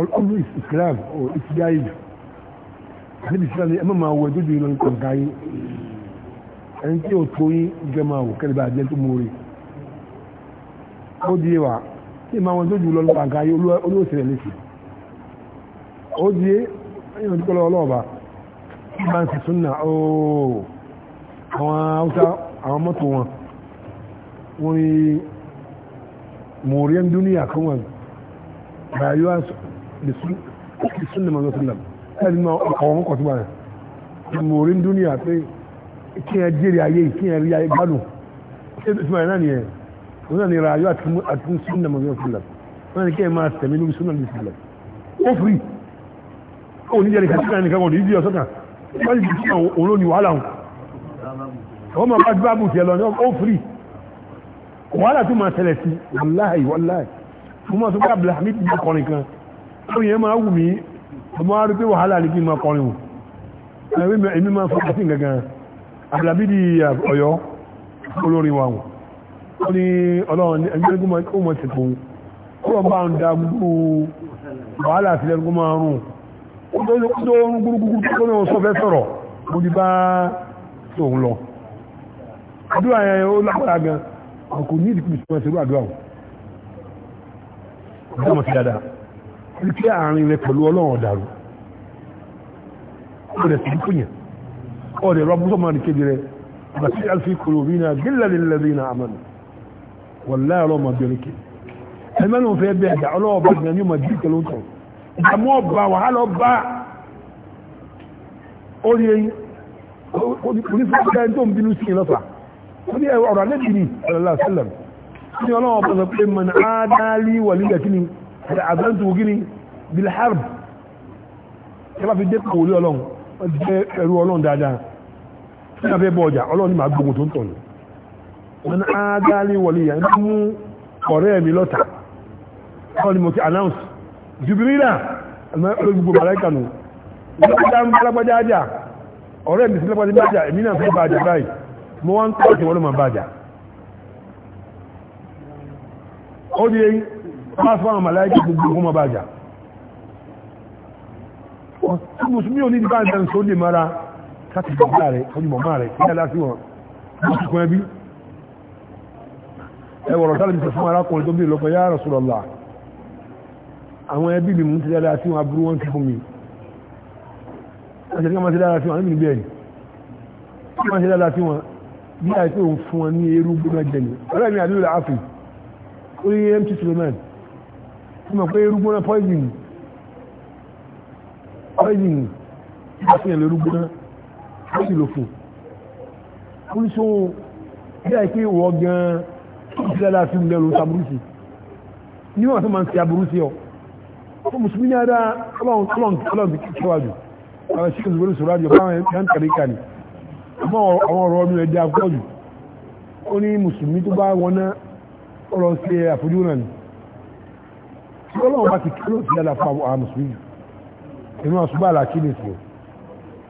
ọlọ́dún ìsìláàmù ò ìsìláà ìlú níbi ìsìláàmù ẹmọ́ máa wọ ẹjọ́jú ìlọ ní kọ̀ǹkà yìí ẹni tí ó tó yín jẹ́ máa wò kẹ́lẹ́ bá jẹ́ tó mú rí ó di wa tí máa wọn ẹjọ́jú ìlọ ní kọ̀ǹkà yìí olóòsìlẹ̀ lẹ́sì ó di ẹ̀yìn ọdún kọ́lọ́ ọlọ́ọ̀bà tí ń sì súnà óò àwọn haúsá àwọn mọ́tò wọn wọ́n ni moriyan duniya kan wọn rayuwa da sunna manzo sallam ẹni ma ọkọ̀ wọn kọ̀tún báyìí moriyan duniya pé kí ẹ jèrè ayé kí ẹ rí ayé gbádùn ṣé ìsúnmọ̀ náà ni ẹ wọ́n náà ni rayuwa àti sunna manzo sallam wọ́n ni kí ẹ máa tẹ̀mí lórí sunna manzo sallam ó firi ó ní jẹ́rìí kàtíkà nìkan wọ̀n ní ìdí ọ̀sọ́kà wọ́n ti di sí àwọn olóòní wàhálà wọn wọ́n máa bá ti báàbù tiẹ̀ lọ ní ó firi wàhálà tó máa tẹ̀lẹ̀ sí wàláhì wàláhì fún máa tó bá abdulhamid bí kọrin kan ó yẹn máa wù mí ọmọ wa rí pé wàhálà ni kí n máa kọrin o èmi máa fọwọ́ sí gangan abdulhamid ọ̀yọ́ olórin wa wọ̀ ó ní ọlọ́run ẹgbẹ́ kó máa ṣètò òun kó wọ́n bá ń da gbogbo wàhálà sílẹ̀ kó máa ó tó ń gbúrúgbúrú kó ní wọn sọ àdúrà yẹn ó lágbára gan àwọn kò ní ìdíkùn ìṣúná ṣerú àdúrà o ọjọ́ mọ̀ sí dáadáa ní pé àárín rẹ pẹ̀lú ọlọ́run ọ̀dàrú ọ̀dẹ̀ sí fún yẹn ọ̀dẹ̀ rọ́bùsọ̀ máa ní kéde rẹ àti àfi kòrò bí náà gílẹ̀ lẹ́lẹ́rì náà àmàlù wàlá ọlọ́run máa bẹ̀rẹ̀ ké ẹ̀mẹ́ ló ń fẹ́ bẹ́ẹ̀ dà ọlọ́run bá gbìyànjú máa bí ìkẹlẹ́ òǹtọ̀ ìdààmú ọba wàhálà ọba orí eyín onífẹ́ tó ń bínú sí ìlọ́fà wọ́n ní ọ̀rọ̀ alẹ́bì ni alẹ́sẹ̀lẹ̀m ní ọlọ́wọ́ bọ́ sọ pé mọ̀nà ádáálí wàlíyà kí ni àdáńtò kí ni bilharb kí wọ́n fi dé kòwòlé ọlọ́run jẹ́ ẹrú ọlọ́run dáadáa ní abẹ́ bọ́ ọjà ọlọ́run ni màá gbogbo tó ń tọ̀ yìí mọ̀nà ádáálí wàlíyà ń mú ọ̀rẹ́ mi lọ́ta ọlọ́run ni mo náà fẹ́ bá báyìí mo wá ń kọ́ ọ̀tí wọ́n ló máa bàjá ó di eyín máa fún àwọn màláìkì gbogbo kó máa bàjá mùsùlùmí ò ní ìdíbà ń tẹ́lẹ̀ sódì mara láti gbọ́gbà rẹ̀ ojú mọ̀má rẹ̀ ní aláṣí wọn lọ́sùkún ẹbí ẹwọ̀rọ̀ tàbí sọ fún arákùnrin tó bí lọ́pọ̀ yá Rasulullah àwọn ẹbí mi mú ti dára sí wọn aburú wọn ti fún mi láti ẹ̀kọ́ máa ti dára sí wọn bí i àti òun fún ọ ní eérú gbóná jẹni ọ̀rẹ́ mi àdúrà àfi ó yẹ mt suleman ó mọ̀ pé eérú gbóná poison poison àfihàn lórí gbóná ó sì lò fún ó ní sóhun bí i àti ìwọ gan ìṣẹ́lá sí ilẹ̀ ló sàbúrú sí níwọ̀n tó máa ń ṣe aburú sí ọ ó mùsùlùmí ní ara ọlọ́run ọlọ́run kí ọlọ́run kí wájú àwọn ìṣẹ́kùn ìṣòro àjọ fáwọn ẹ̀yàn tàríkà ni àmọ́ àwọn ọ̀rọ̀ ọdún ẹ̀dá pọ̀jù ó ní mùsùlùmí tó bá wọná ọ̀rọ̀ ṣe àfojú náà ni ọlọ́run bá ti kí ló ti yára fún àwọn mùsùlùmí ìmọ̀ àṣùgbà àlàkí ní ìsìn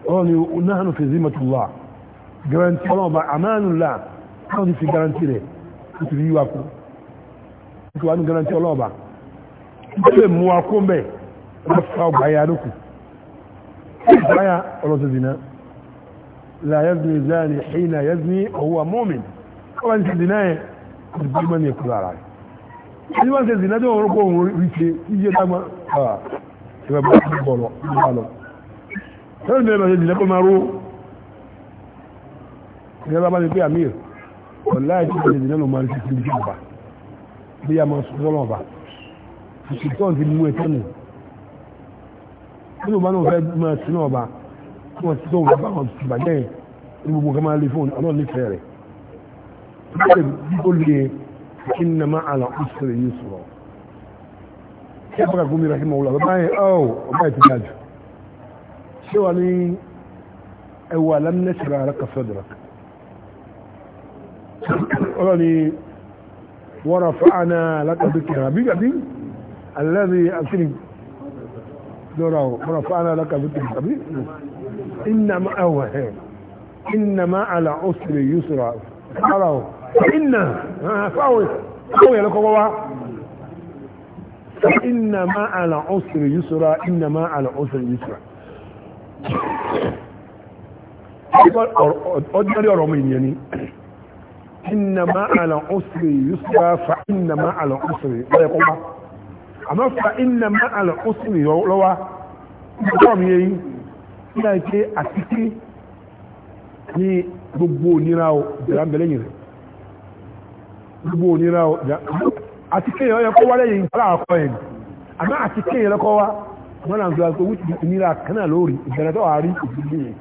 ọlọ́run ni nahnu fi zimmatullah garanti ọlọ́run bá amanullah káwọn ti fi garanti rẹ̀ ó ti rí wa kú ó ti wá ní garanti ọlọ́run bá ó lè mú wa kó mbẹ́ ó bá fi ká ọgbà ya lókù ọgbà ya ọlọ́sẹ̀ zina لا يزني الزاني حين يزني وهو مؤمن wọ́n ti dìná ẹ̀ ọdún mọ́ ní ẹ̀kùn ara rẹ̀ ẹni wọ́n ti dìná tó rọ́pò òun rí ṣe iye dágbà ẹ̀rọ bá ti bọ̀ lọ nípa lọ ẹ̀rọ mi ẹ̀rọ ìdìná kó máa ró ẹ̀rọ bá bá ní pé amir ọ̀la ẹ̀kùn ti dìná ló máa rí ṣe ti ọba bí a máa sọ sọ́lọ́ ọba ìṣètọ́ ti mú ẹ̀tọ́ nù nínú bá náà fẹ́ máa sínú ọba tí wọ́n ti tó wọ́n bá wọn bàjẹ́ ní gbogbo kan máa lè fún ọlọ́run nífẹ̀ẹ́ rẹ̀ tó lè tó lè kí n nà máa àlà òṣèré yìí sọ̀rọ̀ kí a bá kàkó mi rahim ọ̀la bàbá yẹn ọ̀ oh, ọ̀bá yẹn ti ga jù ṣé wà ní ẹwà lámínẹ́sẹ̀rẹ̀ ara kàfẹ́ dọ̀rọ̀ ọlọ́run ni wọ́n rà fún àná alákàtúntì gàbí alẹ́ rí àṣírí lọ́ra ọ̀ wọ́n rà fún àná إنما أهو إنما على عسر osiri قالوا فإن فأوي فأوي لكم yusra فإنما على عسر يسرا إنما على عسر yusra fa ìnàmá àlàúsìrì lọ́yẹ̀kọ́ wá àmọ́ fa ìnàmá àlàúsìrì lọ́wọ́ nígbà pé àtìkí ní gbogbo onírà o jẹ́ra ń bẹ̀lẹ́yìn rẹ̀ gbogbo onírà o àtìkí yẹn yẹ kó wá lẹ́yìn ìgbàlá àkọ́ yẹn àmọ́ àtìkí yẹn lọ́kọ́ wá wọ́n náà ń gbà pé wíṣì onírà kaná lórí ìbẹ̀rẹ̀ tó wà rí ìdílé yẹn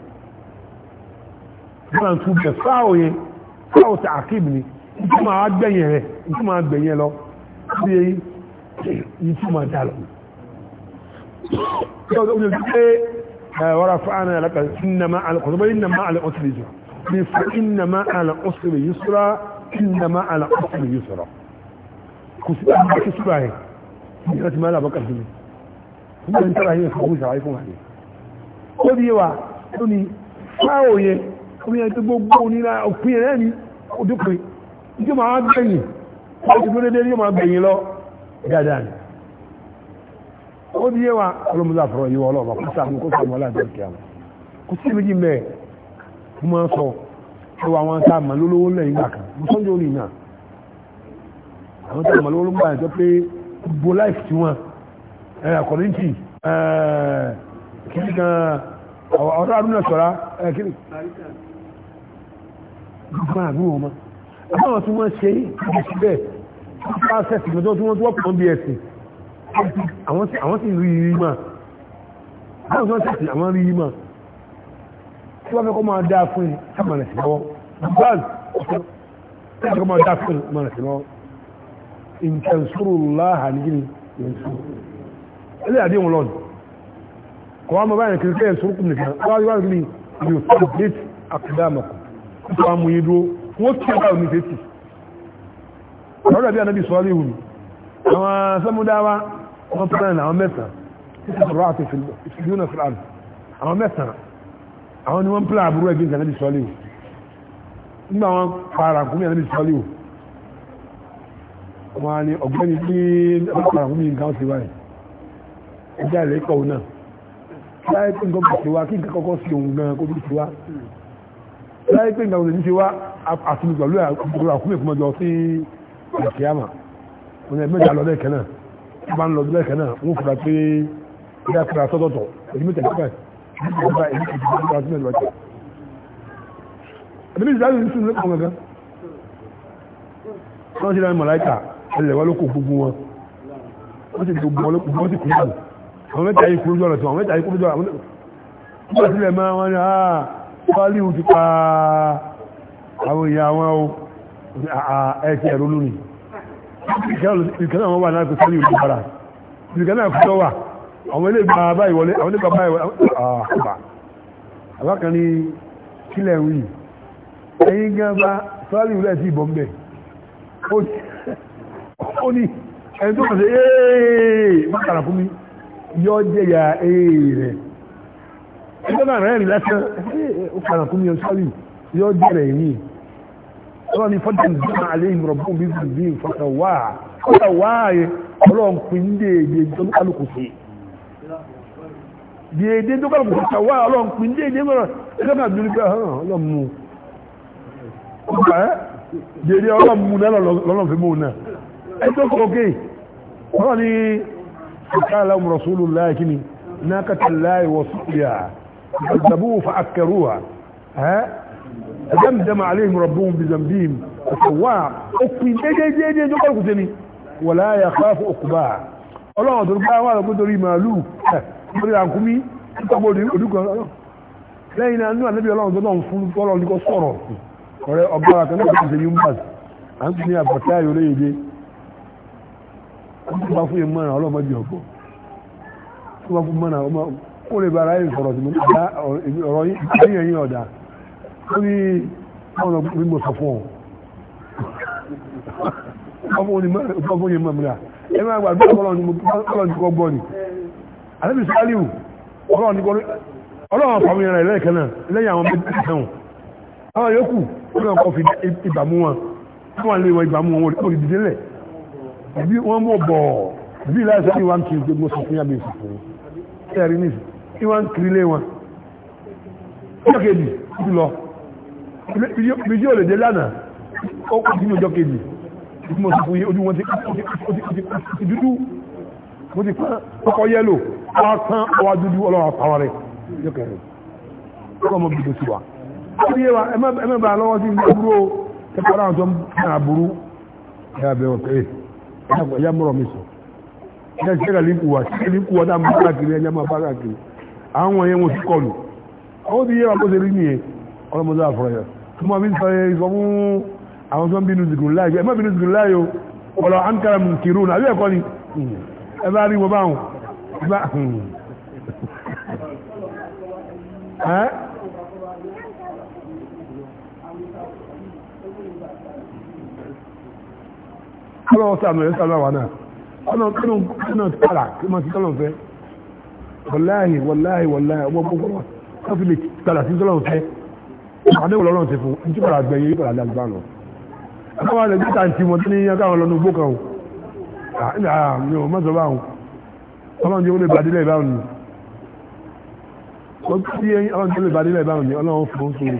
wọ́n náà ń tún bẹ̀ fáwọ̀ yẹn fáwọ̀ tà ورفعنا لك إن مع العسر إن مع العسر يسرا فإن مع العسر يسرا إن مع العسر يسرا كسر أبوك سبعه ìrẹ́tí máa lábọ́ kàfí ní ọdún tàbí ẹ̀kọ́ òun ìsàwárí fún àyè ó bí wà tó ní fáwọ̀ yẹ omi ẹ̀ tó gbogbo nílá òpin ẹ̀rẹ́ ní ọdúnpin tí ó máa gbẹ̀yìn láti tó dédé yóò máa gbẹ̀yìn lọ dáadáa ni ó di yé wa ọlọ́mọdé àfọ̀rọ̀ yìí wọ ọlọ́ọ̀bà kó sàmú kó sàmú ọlá àjọkì àmọ́ kò sí méjì mẹ́ẹ̀ mo máa ń sọ ẹ wọ àwọn tá a mọ̀ lólówó lẹ́yìn gbà kan mo sọ́njọ́ orí náà àwọn tá a mọ̀ lólówó gbà jọ pé gbogbo láìfì tí wọn ẹ àkọ́rìntì ẹ kìí kan ọ̀rọ̀ àdúrà sọ̀rọ̀ ẹ kìí gbogbo àdúrà wọn mọ́ àbáwọn tí wọ́n ṣe é bẹ́ẹ̀ àwọn sì rí rí mà àwọn sọ́ọ́ tẹ̀sí àwọn rí rí mà tí wọ́n fẹ́ kọ́ máa dáa fún yìí sábà rẹ̀ sí lọ́wọ́ báàlì tí wọ́n fẹ́ kọ́ máa dáa fún yìí sábà rẹ̀ sí lọ́wọ́ nǹkan sóró láhà ní gíní yẹn sóró ilé àdéhùn lọ́nù kọ́ wọ́n máa báyìí kiri kẹ́yẹ̀ sóró kùn nìkan wọ́n wá rí yóò fún déètì àkùdámọ̀kù tó wá mú yín dúró wọ́n kí ọba òní tètè ọ̀rọ̀ dàbí ànábì sọ́ọ́lì ìwùn àwọn sẹ́múdáwá wọ́n tó dáná àwọn mẹ́ta títí sọ̀rọ̀ àti ìfìdíwọ̀n náà fúlàní àwọn mẹ́ta àwọn ni wọ́n pílà àbúrò ẹgbẹ́ ìjà níbi sọ́lé o nígbà wọn para kúmí ìjà níbi sọ́lé o wọn á ní ọ̀gbẹ́ni pé wọ́n para kúmí nǹkan ọ̀sẹ̀ wáyé ẹjá ilẹ̀ ikọ̀ náà láyé pé nǹkan kò sí wa kí nǹkan kọ́kọ́ sí òun gan kó tó sí wa láyé pé nǹkan kò sí wa àtúntò pẹ̀lú àkúmí ìkúmọ̀jọ sí ìkíyàmà wọn ẹ̀ mẹ́ta lọ́dẹ̀ kẹ́ náà bá ń lọ bílẹ̀ kan náà wọ́n fura pé ilé àkàrà sọ́tọ̀tọ̀ èyí mẹ́tẹ̀ẹ́ kíkà èyí mẹ́tẹ̀ẹ́ kíkà èyí mẹ́tẹ̀ẹ́ kíkà èyí mẹ́tẹ̀ẹ́ kíkà àbí ìsáyé ní sùn lẹ́kọ̀ọ́ gangan wọ́n ti dáná mọ̀láìkà ẹlẹ̀ wá lóko gbogbo wọn wọ́n ti gbogbo wọn lóko wọ́n ti kúrò jù àwọn mẹ́ta yìí kúrò jù ọ̀nà tí wọ́n mẹ́ta yìí kúrò jù àwọn mẹ́ta sílẹ̀ máa wọ́n ní àá ah, fáliwù ti pa àwọn èèyàn àwọn ẹ̀sìn ẹ̀rọ lónìí ìkẹ́lẹ̀ àwọn wà náà kò sẹ́lẹ̀ ìlú bára ìkẹ́lẹ̀ àkùtọ́ wà àwọn ilé ìgbà báyìí wọlé àwọn ilé ìgbà báyìí wọlé àkùbà ah, àbákan ní kílẹ̀ rí ẹ̀yìn gan bá sọ́lẹ̀ ìlú ẹ̀sì ìbọn bẹ̀ ó ní ẹni tó kàn sí ẹ́ẹ̀ẹ́ mọ́kànlá fún mi yọ jẹ́ ya ẹ́ẹ̀ rẹ̀ ẹjọ́ bá rẹ̀ rìn lásán ẹ́ẹ̀ ó kàrà fún mi ọ ọlọ́run ní fọ́dún ìdíjọ́ alẹ́ ìmọ̀rọ̀bù bí i bí i fọ́sẹ̀ wá fọ́sẹ̀ wá ayé ọlọ́run pín déédé dókàlùkù sí déédé dókàlùkù fọ́sẹ̀ wá ọlọ́run pín déédé mọ̀rọ̀ ẹgbẹ́ dẹ́mdẹ́mà aléhìn rọ̀bùn bizambim ọ̀sọ̀wà òkùn déédéé tó kọ́lùkù tẹ́ni wà láyà káfù òkùbà ọlọ́run tó gbá wà lọ́gbọ́n torí màálù eh, torí àkúmí nípapọ̀ òdúkọ̀ eh. lẹ́yìn náà níwà níbi ọlọ́run tó náà fún ọlọ́run ní kọ́ sọ̀rọ̀ ọ̀rẹ́ ọgbà kan náà tó tẹ̀lé mbàs à ń tún ní àbọ̀tá ayò léyèdè wọ́n tún bá fún yẹn ọlọ́mọdé ọ̀gbọ́n tún bá fún mọ́ra ọmọ kó lè bára yẹn sọ̀rọ̀ sí mi ọ̀rọ̀ yẹn yẹn ọ̀dà ó ní àwọn ọ̀gbìn mọ̀ sọ fún ọ ọmọ yẹn mọ̀mìlá ẹ̀rọ àgbà bí ọlọ́run ti kọ́ gbọ́ ni àlébì sáàlìwù ọlọ́run fàmí ẹ̀rọ ẹ̀lẹ́ẹ̀kẹ́ náà lẹ́yìn àwọn méjì sẹ́wọ̀n àwọn wọn tí bí wọ́n lọ bíjí ò lè dé lánàá ó kù sínú ọjọ́ kejì tí mo sì fún yí ojú wọn ti dúdú mo ti pán ọkọ̀ yẹ́lò wá tán ọwá dúdú ọlọ́wà pàwọ́ rẹ̀ yóò kẹrin ọkọ̀ mọ̀ bìbò sí wa ó yé wa ẹmẹ́bà lọ́wọ́ sí ìgbàgbúrò tẹ́kọ̀ọ́ àwọn wa ọlọ́mọdé àfọ̀rọ̀ tó mọ́ bí sọ ìsọ eh, fún àwọn tó ń bínú zikùn láì ẹ má bínú zikùn láì o ọ̀lọ̀ ankara mùkìrù náà bí ẹ̀kọ́ ni ẹ bá rí wọn báwọn bá <laughs> ẹ́ kọ́lọ́ sàmì ẹ̀ sàmì àwọn náà ọ̀nà kínú kínú tààrà kí ma ti tọ́lọ̀ fẹ́ wàláhì wàláhì wàláhì ọgbọ́gbọ́gbọ́ wọ́n fi lè tààrà sí tọ́lọ̀ fẹ́ àdéhùn lọ́rùn ti fún un tí padà gbẹ̀yìn yìí padà dá ìgbà lọ. àbáwá rẹ̀ bí tàǹtì wọn tí ní akáwọn lọ́nu gbó kan o ò mọ̀sọ̀ báwọn ọlọ́run jẹ́ olè bàdílẹ̀ ìbáwọn ni wọ́n tí ẹyin ọlọ́run jẹ́ olè bàdílẹ̀ ìbáwọn ni ọlọ́run fún un sórí.